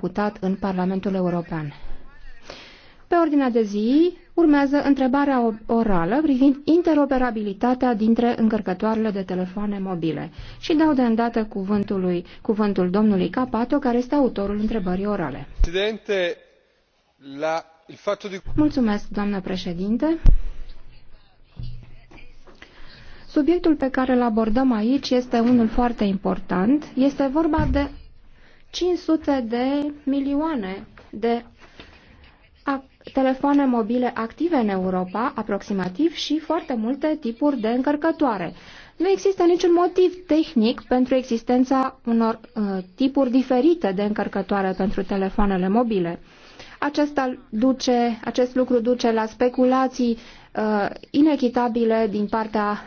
discutat în Parlamentul European. Pe ordinea de zi urmează întrebarea orală privind interoperabilitatea dintre încărcătoarele de telefoane mobile și dau de îndată cuvântului, cuvântul domnului Capato, care este autorul întrebării orale. Presidente, la, Mulțumesc, doamnă președinte. Subiectul pe care îl abordăm aici este unul foarte important. Este vorba de 500 de milioane de telefoane mobile active în Europa, aproximativ, și foarte multe tipuri de încărcătoare. Nu există niciun motiv tehnic pentru existența unor uh, tipuri diferite de încărcătoare pentru telefoanele mobile. Acesta duce, acest lucru duce la speculații uh, inechitabile din partea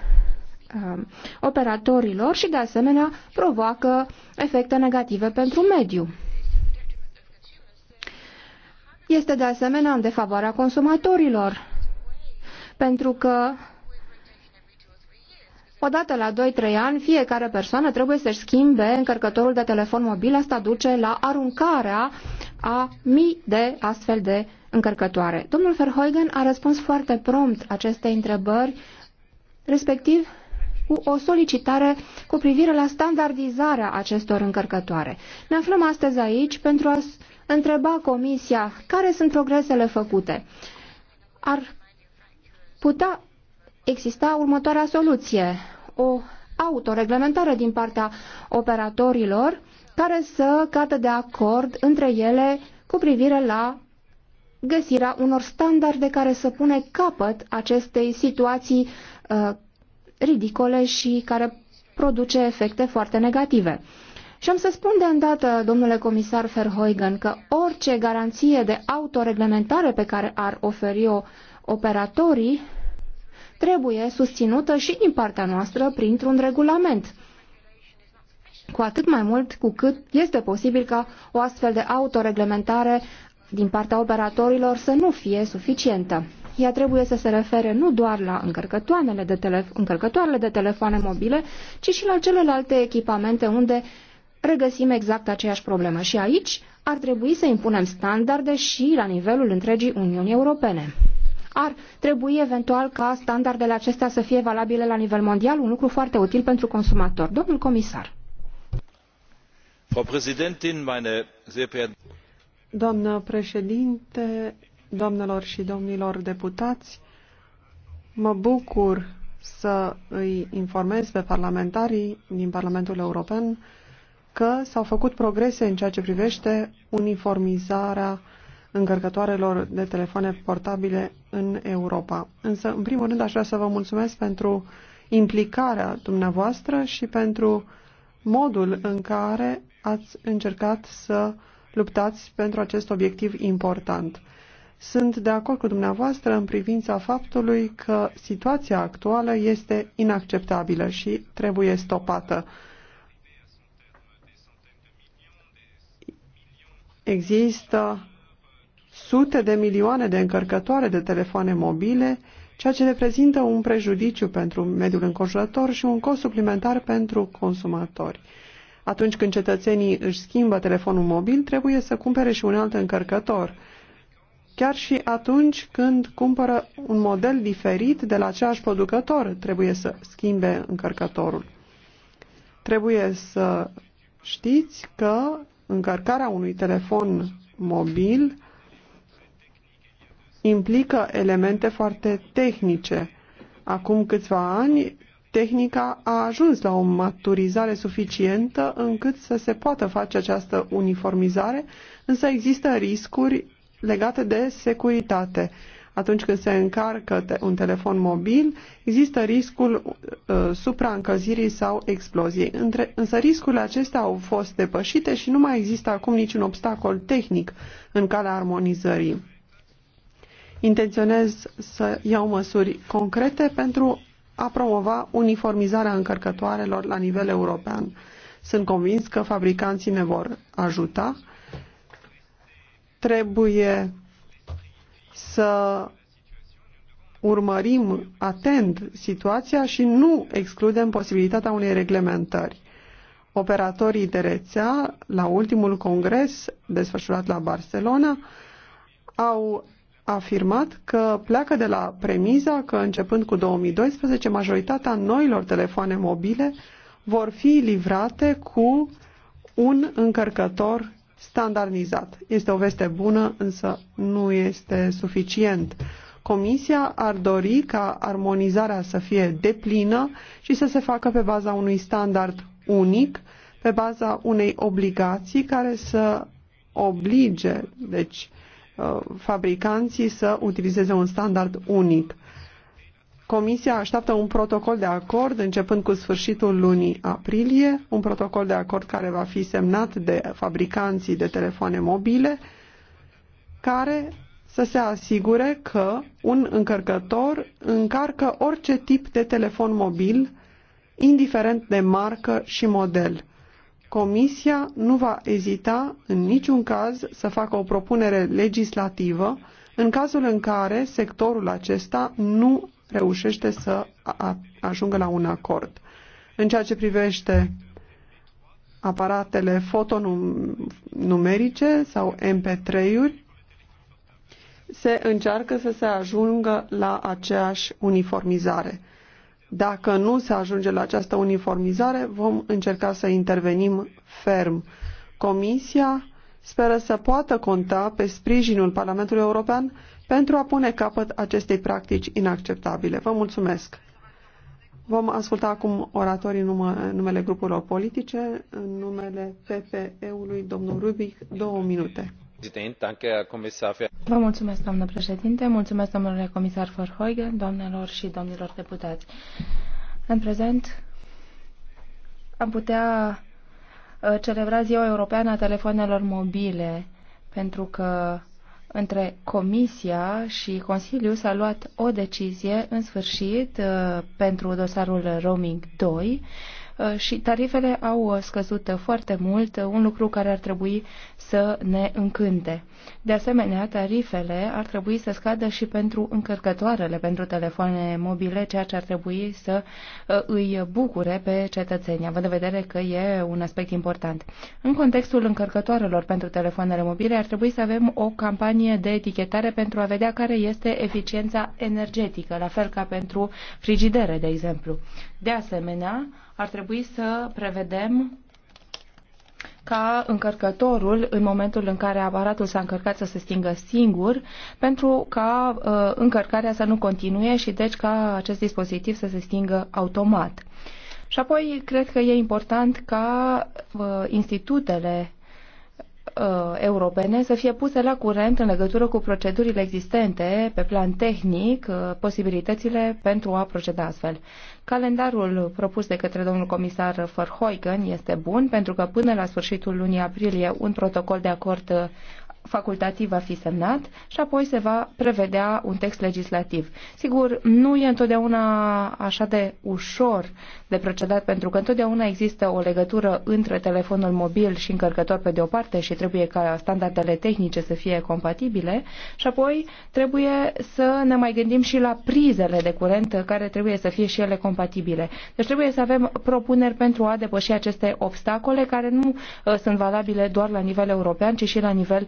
Um, operatorilor și, de asemenea, provoacă efecte negative pentru mediu. Este, de asemenea, în defavoarea consumatorilor, pentru că Odată la 2-3 ani, fiecare persoană trebuie să-și schimbe încărcătorul de telefon mobil. Asta duce la aruncarea a mii de astfel de încărcătoare. Domnul Verheugen a răspuns foarte prompt aceste întrebări, respectiv cu o solicitare cu privire la standardizarea acestor încărcătoare. Ne aflăm astăzi aici pentru a întreba Comisia care sunt progresele făcute. Ar putea exista următoarea soluție, o autoreglementare din partea operatorilor care să cadă de acord între ele cu privire la găsirea unor standarde care să pune capăt acestei situații uh, ridicole și care produce efecte foarte negative. Și am să spun de îndată, domnule comisar Verheugen, că orice garanție de autoreglementare pe care ar oferi-o operatorii trebuie susținută și din partea noastră printr-un regulament. Cu atât mai mult cu cât este posibil ca o astfel de autoreglementare din partea operatorilor să nu fie suficientă ea trebuie să se refere nu doar la încărcătoarele de, telef, încărcătoarele de telefoane mobile, ci și la celelalte echipamente unde regăsim exact aceeași problemă. Și aici ar trebui să impunem standarde și la nivelul întregii Uniuni Europene. Ar trebui eventual ca standardele acestea să fie valabile la nivel mondial, un lucru foarte util pentru consumator. Domnul comisar. Frau Präsidentin, meine sehr Doamnă președinte, doamnelor și domnilor deputați, mă bucur să îi informez pe parlamentarii din Parlamentul European că s-au făcut progrese în ceea ce privește uniformizarea încărcătoarelor de telefoane portabile în Europa. Însă, în primul rând, aș vrea să vă mulțumesc pentru implicarea dumneavoastră și pentru modul în care ați încercat să luptați pentru acest obiectiv important. Sunt de acord cu dumneavoastră în privința faptului că situația actuală este inacceptabilă și trebuie stopată. Există sute de milioane de încărcătoare de telefoane mobile, ceea ce reprezintă un prejudiciu pentru mediul înconjurător și un cost suplimentar pentru consumatori. Atunci când cetățenii își schimbă telefonul mobil, trebuie să cumpere și un alt încărcător chiar și atunci când cumpără un model diferit de la aceeași producător, trebuie să schimbe încărcătorul. Trebuie să știți că încărcarea unui telefon mobil implică elemente foarte tehnice. Acum câțiva ani, tehnica a ajuns la o maturizare suficientă încât să se poată face această uniformizare, însă există riscuri legate de securitate. Atunci când se încarcă un telefon mobil, există riscul uh, supraîncălzirii sau exploziei. Între, însă riscurile acestea au fost depășite și nu mai există acum niciun obstacol tehnic în calea armonizării. Intenționez să iau măsuri concrete pentru a promova uniformizarea încărcătoarelor la nivel european. Sunt convins că fabricanții ne vor ajuta Trebuie să urmărim atent situația și nu excludem posibilitatea unei reglementări. Operatorii de rețea, la ultimul congres desfășurat la Barcelona, au afirmat că pleacă de la premiza că începând cu 2012 majoritatea noilor telefoane mobile vor fi livrate cu un încărcător standardizat. Este o veste bună, însă nu este suficient. Comisia ar dori ca armonizarea să fie deplină și să se facă pe baza unui standard unic, pe baza unei obligații care să oblige, deci, uh, fabricanții să utilizeze un standard unic. Comisia așteaptă un protocol de acord începând cu sfârșitul lunii aprilie, un protocol de acord care va fi semnat de fabricanții de telefoane mobile, care să se asigure că un încărcător încarcă orice tip de telefon mobil, indiferent de marcă și model. Comisia nu va ezita în niciun caz să facă o propunere legislativă în cazul în care sectorul acesta nu reușește să ajungă la un acord. În ceea ce privește aparatele fotonumerice sau MP3-uri, se încearcă să se ajungă la aceeași uniformizare. Dacă nu se ajunge la această uniformizare, vom încerca să intervenim ferm. Comisia speră să poată conta pe sprijinul Parlamentului European pentru a pune capăt acestei practici inacceptabile. Vă mulțumesc! Vom asculta acum oratorii numele, numele grupurilor politice, în numele PPE-ului, domnul Rubic, două minute. Vă mulțumesc, doamnă președinte, mulțumesc, domnule comisar Verheugen, doamnelor și domnilor deputați. În prezent am putea Uh, celebra Ziua Europeană a Telefonelor Mobile, pentru că între Comisia și Consiliu s-a luat o decizie în sfârșit uh, pentru dosarul Roaming 2 Uh, și tarifele au uh, scăzut uh, foarte mult, un lucru care ar trebui să ne încânte. De asemenea, tarifele ar trebui să scadă și pentru încărcătoarele, pentru telefoane mobile, ceea ce ar trebui să îi bucure pe cetățenii, având în vedere că e un aspect important. În contextul încărcătoarelor pentru telefoanele mobile, ar trebui să avem o campanie de etichetare pentru a vedea care este eficiența energetică, la fel ca pentru frigidere, de exemplu. De asemenea, ar trebui să prevedem ca încărcătorul, în momentul în care aparatul s-a încărcat, să se stingă singur, pentru ca uh, încărcarea să nu continue și deci ca acest dispozitiv să se stingă automat. Și apoi, cred că e important ca uh, institutele Uh, europene să fie puse la curent în legătură cu procedurile existente pe plan tehnic, uh, posibilitățile pentru a proceda astfel. Calendarul propus de către domnul comisar Verheugen este bun pentru că până la sfârșitul lunii aprilie un protocol de acord facultativ va fi semnat și apoi se va prevedea un text legislativ. Sigur, nu e întotdeauna așa de ușor de procedat, pentru că întotdeauna există o legătură între telefonul mobil și încărcător pe de o parte și trebuie ca standardele tehnice să fie compatibile și apoi trebuie să ne mai gândim și la prizele de curent care trebuie să fie și ele compatibile. Deci trebuie să avem propuneri pentru a depăși aceste obstacole care nu uh, sunt valabile doar la nivel european, ci și la nivel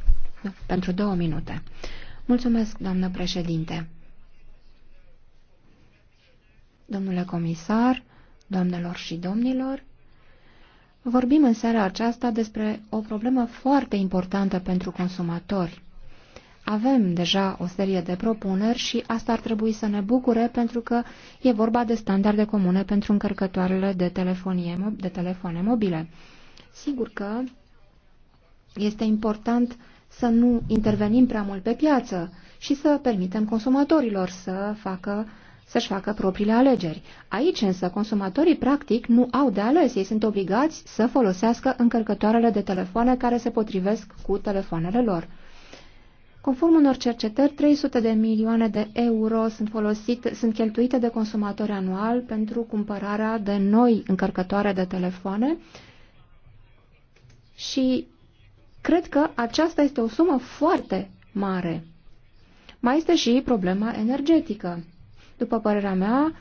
pentru două minute. Mulțumesc, doamnă președinte. Domnule comisar, doamnelor și domnilor, vorbim în seara aceasta despre o problemă foarte importantă pentru consumatori. Avem deja o serie de propuneri și asta ar trebui să ne bucure pentru că e vorba de standarde comune pentru încărcătoarele de, telefonie, de telefoane mobile. Sigur că este important să nu intervenim prea mult pe piață și să permitem consumatorilor să facă să-și facă propriile alegeri. Aici însă consumatorii practic nu au de ales, ei sunt obligați să folosească încărcătoarele de telefoane care se potrivesc cu telefoanele lor. Conform unor cercetări, 300 de milioane de euro sunt, folosite, sunt cheltuite de consumatori anual pentru cumpărarea de noi încărcătoare de telefoane și Cred că aceasta este o sumă foarte mare. Mai este și problema energetică. După părerea mea,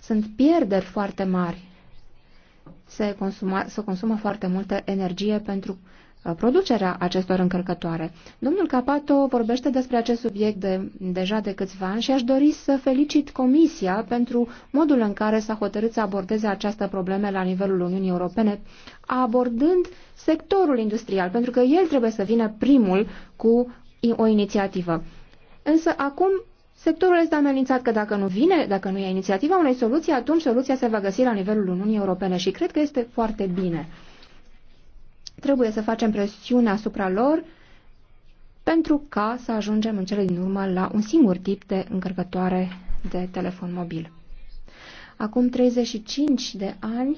sunt pierderi foarte mari. Se, consuma, se consumă foarte multă energie pentru producerea acestor încărcătoare. Domnul Capato vorbește despre acest subiect de, deja de câțiva ani și aș dori să felicit Comisia pentru modul în care s-a hotărât să abordeze această probleme la nivelul Uniunii Europene, abordând sectorul industrial, pentru că el trebuie să vină primul cu o inițiativă. Însă acum sectorul este amenințat că dacă nu vine, dacă nu e inițiativa unei soluții, atunci soluția se va găsi la nivelul Uniunii Europene și cred că este foarte bine. Trebuie să facem presiune asupra lor pentru ca să ajungem în cele din urmă la un singur tip de încărcătoare de telefon mobil. Acum 35 de ani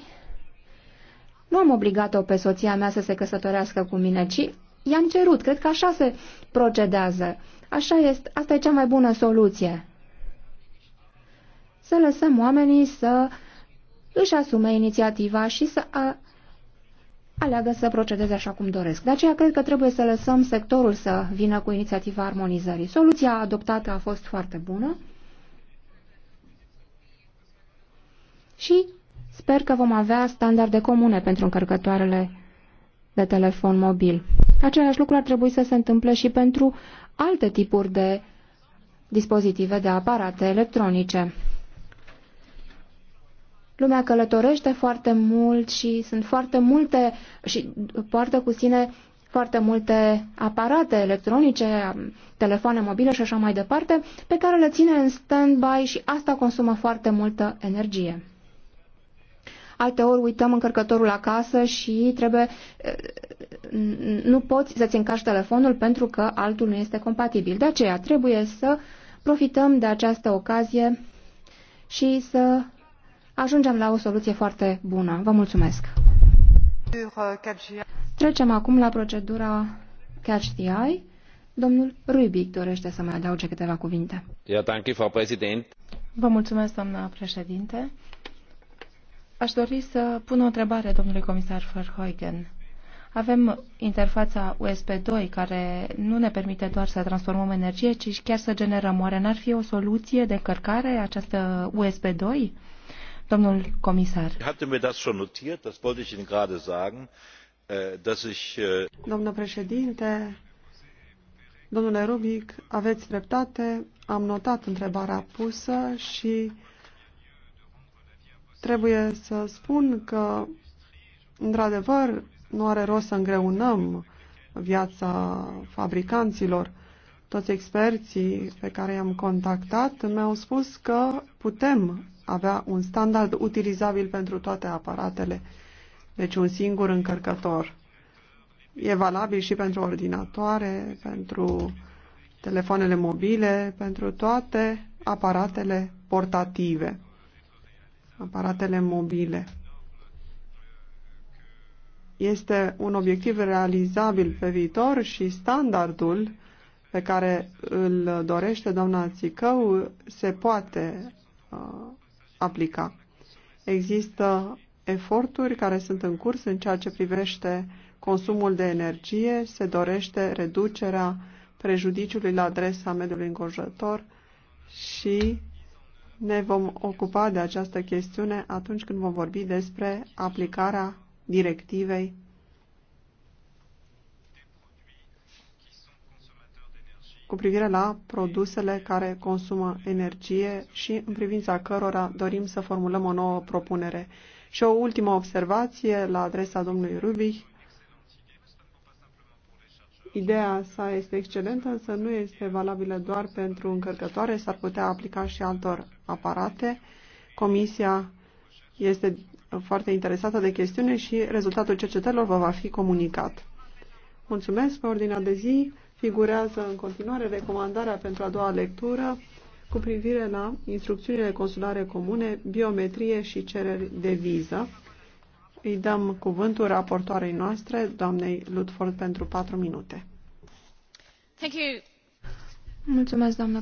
nu am obligat-o pe soția mea să se căsătorească cu mine, ci i-am cerut. Cred că așa se procedează. Așa este, asta e cea mai bună soluție. Să lăsăm oamenii să își asume inițiativa și să aleagă să procedeze așa cum doresc. De aceea cred că trebuie să lăsăm sectorul să vină cu inițiativa armonizării. Soluția adoptată a fost foarte bună și sper că vom avea standarde comune pentru încărcătoarele de telefon mobil. Același lucru ar trebui să se întâmple și pentru alte tipuri de dispozitive de aparate electronice. Lumea călătorește foarte mult și sunt foarte multe și poartă cu sine foarte multe aparate electronice, telefoane mobile și așa mai departe, pe care le ține în stand-by și asta consumă foarte multă energie. Alteori uităm încărcătorul acasă și trebuie, eh, nu poți să-ți încarci telefonul pentru că altul nu este compatibil. De aceea trebuie să profităm de această ocazie și să ajungem la o soluție foarte bună. Vă mulțumesc! Trecem acum la procedura Catch the Eye. Domnul Rubic dorește să mai adauge câteva cuvinte. Vă mulțumesc, doamna președinte. Aș dori să pun o întrebare domnului comisar Verheugen. Avem interfața USB2 care nu ne permite doar să transformăm energie, ci chiar să generăm. Oare n-ar fi o soluție de încărcare această USB2? Domnul comisar. Äh, äh, domnule președinte, domnule Rubik, aveți dreptate, am notat întrebarea pusă și trebuie să spun că, într-adevăr, nu are rost să îngreunăm viața fabricanților. Toți experții pe care i-am contactat mi-au spus că putem avea un standard utilizabil pentru toate aparatele, deci un singur încărcător. E valabil și pentru ordinatoare, pentru telefoanele mobile, pentru toate aparatele portative, aparatele mobile. Este un obiectiv realizabil pe viitor și standardul pe care îl dorește doamna Țicău se poate uh, aplica. Există eforturi care sunt în curs în ceea ce privește consumul de energie, se dorește reducerea prejudiciului la adresa mediului înconjurător și ne vom ocupa de această chestiune atunci când vom vorbi despre aplicarea directivei cu privire la produsele care consumă energie și în privința cărora dorim să formulăm o nouă propunere. Și o ultimă observație la adresa domnului Rubich. Ideea sa este excelentă, însă nu este valabilă doar pentru încărcătoare, s-ar putea aplica și altor aparate. Comisia este foarte interesată de chestiune și rezultatul cercetărilor vă va fi comunicat. Mulțumesc pe ordinea de zi figurează în continuare recomandarea pentru a doua lectură cu privire la instrucțiunile consulare comune, biometrie și cereri de viză. Îi dăm cuvântul raportoarei noastre, doamnei Lutford, pentru patru minute. Thank you. Mulțumesc, doamnă